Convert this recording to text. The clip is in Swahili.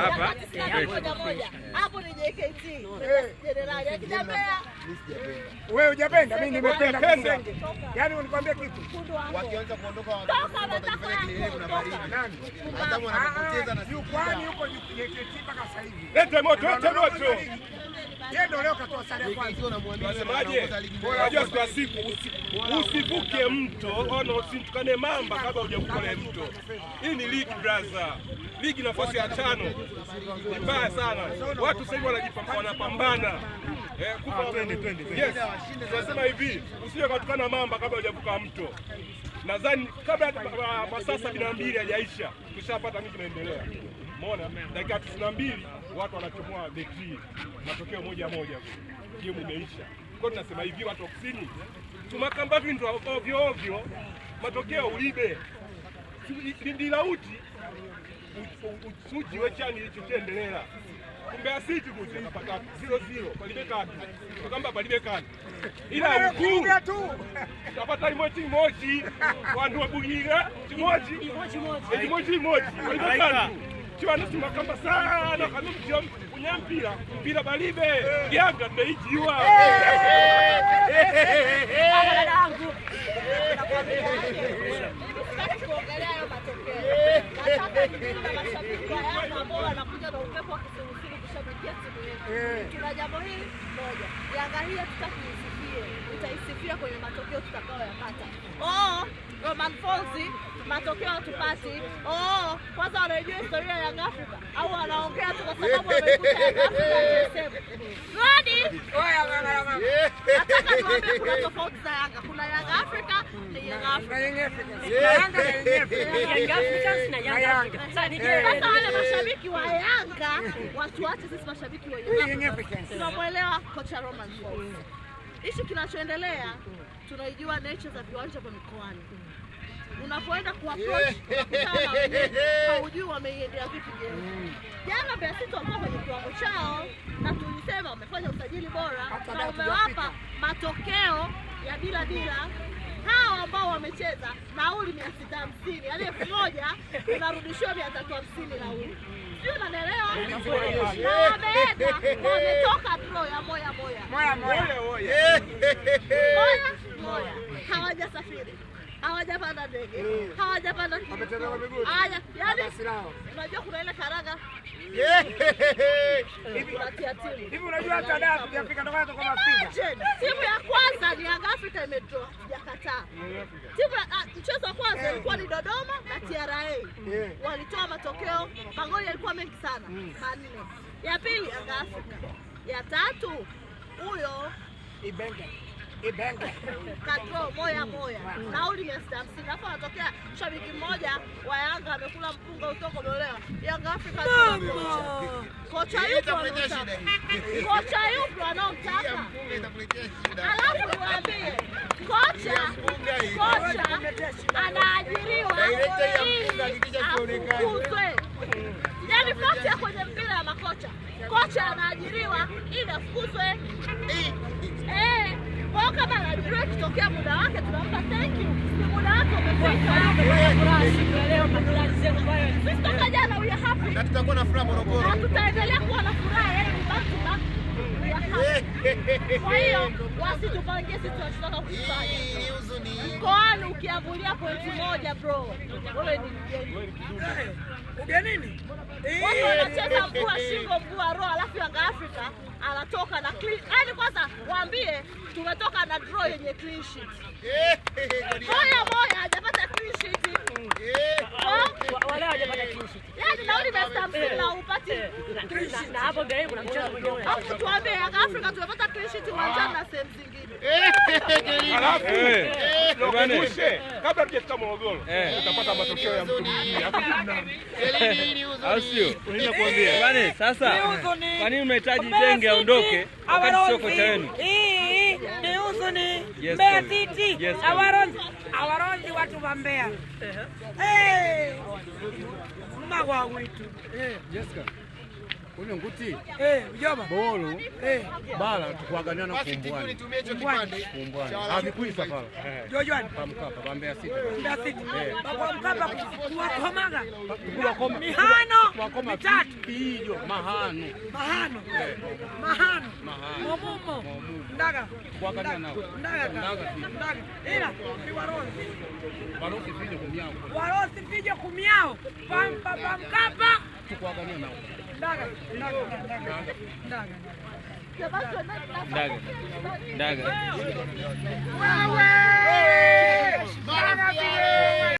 hapa hapo ni JKT wewe hujapenda, mimi nimependa. Yaani unikwambie kitu, wakianza kuondoka jukwani huko JKT mpaka sasa hivi, lete moto, lete moto Unajua siku ya siku usivuke mto, ona usimtukane mamba kabla hujavuka mto. Hii ni league brother ligi nafasi ya tano, mbaya sana. Watu sasa hivi wanapambana eh, ah, tunasema hivi, usije katukana mamba kabla hujavuka mto. Nadhani kabla masaa sabini na mbili hajaisha tushapata miji inaendelea. Umeona, dakika tisini na mbili watu wanachomoa beki, matokeo moja moja, timu imeisha. Kwa tunasema hivi, watu wa kusini tumakamba vindu ovyo ovyo, matokeo ulibe lindilauti uchiwe chani ichi chiendelela kumbe asiti kuja kapata zero zero palibe katu akamba palibe katu ila ukuu tapata imoji imoji wandu wabuyira chimochi imoji imochi palibe katu nusu makamba sana kanumjia mpila mpira palibe gyanga eh. hehehehe Eh. tuna jambo hili moja. Yanga hii hatutaki isifie, utaisifia kwenye matokeo tutakayoyapata. Oh, Roman Folsi matokeo hatupati. Oh, kwanza wanaijua historia ya Afrika au wanaongea tu kwa sababu wamekuta Yanga Afrika Rodi. kuna tofauti za Yanga. Kuna Yanga Afrika na Yanga Sasa wale eh. mashabiki wa Yanga watuache sisi mashabiki wa Yanga. Tunamwelewa kocha Roman Hichi kinachoendelea tunaijua nature za viwanja vya mikoani unapoenda kuapproach haujui wameiendea vipi jeni. Mm. Jana Beasito walikuwa kwenye kiwango chao, na tulisema wamefanya usajili bora na umewapa matokeo ya bila bila hawa ambao wamecheza nauli mia sita hamsini yaani elfu moja unarudishiwa mia tatu hamsini nauli, sijui unanielewa? Yaani na wameenda wametoka draw ya moya moya moya moya moya, hawajasafiri hawajapanda ndege, mm. hawajapanda Yani unajua kuna ile karanga hivi, unajua hata da tujafika, ndio kwanza kama Afrika timu ya kwanza ni Yanga Africa imetoa sijakataa. Timu ya ah, mchezo wa kwanza ilikuwa ni Dodoma na TRA, walitoa matokeo, magoli yalikuwa mengi sana, mm. manne. Ya pili Yanga Africa, ya tatu huyo Ibenge Ibenge katro moya moya, nauli mia sita hamsini. Alafu anatokea shabiki mmoja wa Yanga amekula mpunga utoko dolewa Yanga Afrika. Kocha yupo anaotaka, kocha yupo anaotaka, alafu niwaambie kocha kocha anaajiriwa ili afukuzwe yani, kocha kwenye mpira ya makocha, kocha anaajiriwa ili afukuzwe Mboka muda wake tunampa muda wake umefika. jana we Na tutakuwa na furaha Morogoro. tutaendelea kuwa na furaha yani Kwa hiyo wasitupangie sisi tunachotaka kufanya. huzuni. Mkoani ukiangulia pointi moja bro. Wewe ni mgeni. Ugenini? Watu wanacheza mguu wa shingo mguu wa roho alafu Yanga Afrika anatoka na clean. Yaani kwa niwaambie, tumetoka na draw yenye clean sheet. Moya eh, moya hajapata clean sheet. Eh. Wale hajapata clean sheet. Yaani na eh. Afrika tumepata clean sheet uwanjani na sehemu zingine. Eh, Alafu eh, eh, lokumbushe kabla tujafika Morogoro utapata matokeo ya mtu mwingine. sasa kwa nini unahitaji Denge aondoke wakati sio kocha wenu? Ni huzuni. Mbeya City awaronzi awaronzi watu wa Mbeya. Eh. Mama wangu tu. Eh, Jessica. Kunywa nguti. Eh, mjomba. Bolo. Eh. Bala tukuagania na kumbwana. Nitumie hicho kipande. Kumbwana. Havikuifa pala. Eh. Eh. Jojwani. Pa Mkapa, pa Mbeya City. Mbeya City. Eh. Baba Mkapa kuwakomaga. Kuwakoma. Mihano. Kuwakoma vitatu. Kiijo, mahano. Mahano. Mahano. Mahano. Momumo. Ndaga. Kuagania nao. Ndaga. Ndaga. Ndaga. Ila ni warosi. Warosi vijo kumiao. Warosi vijo kumiao. Pa Mkapa. Tukuagania nao. Daga. Daga. daga, daga, daga.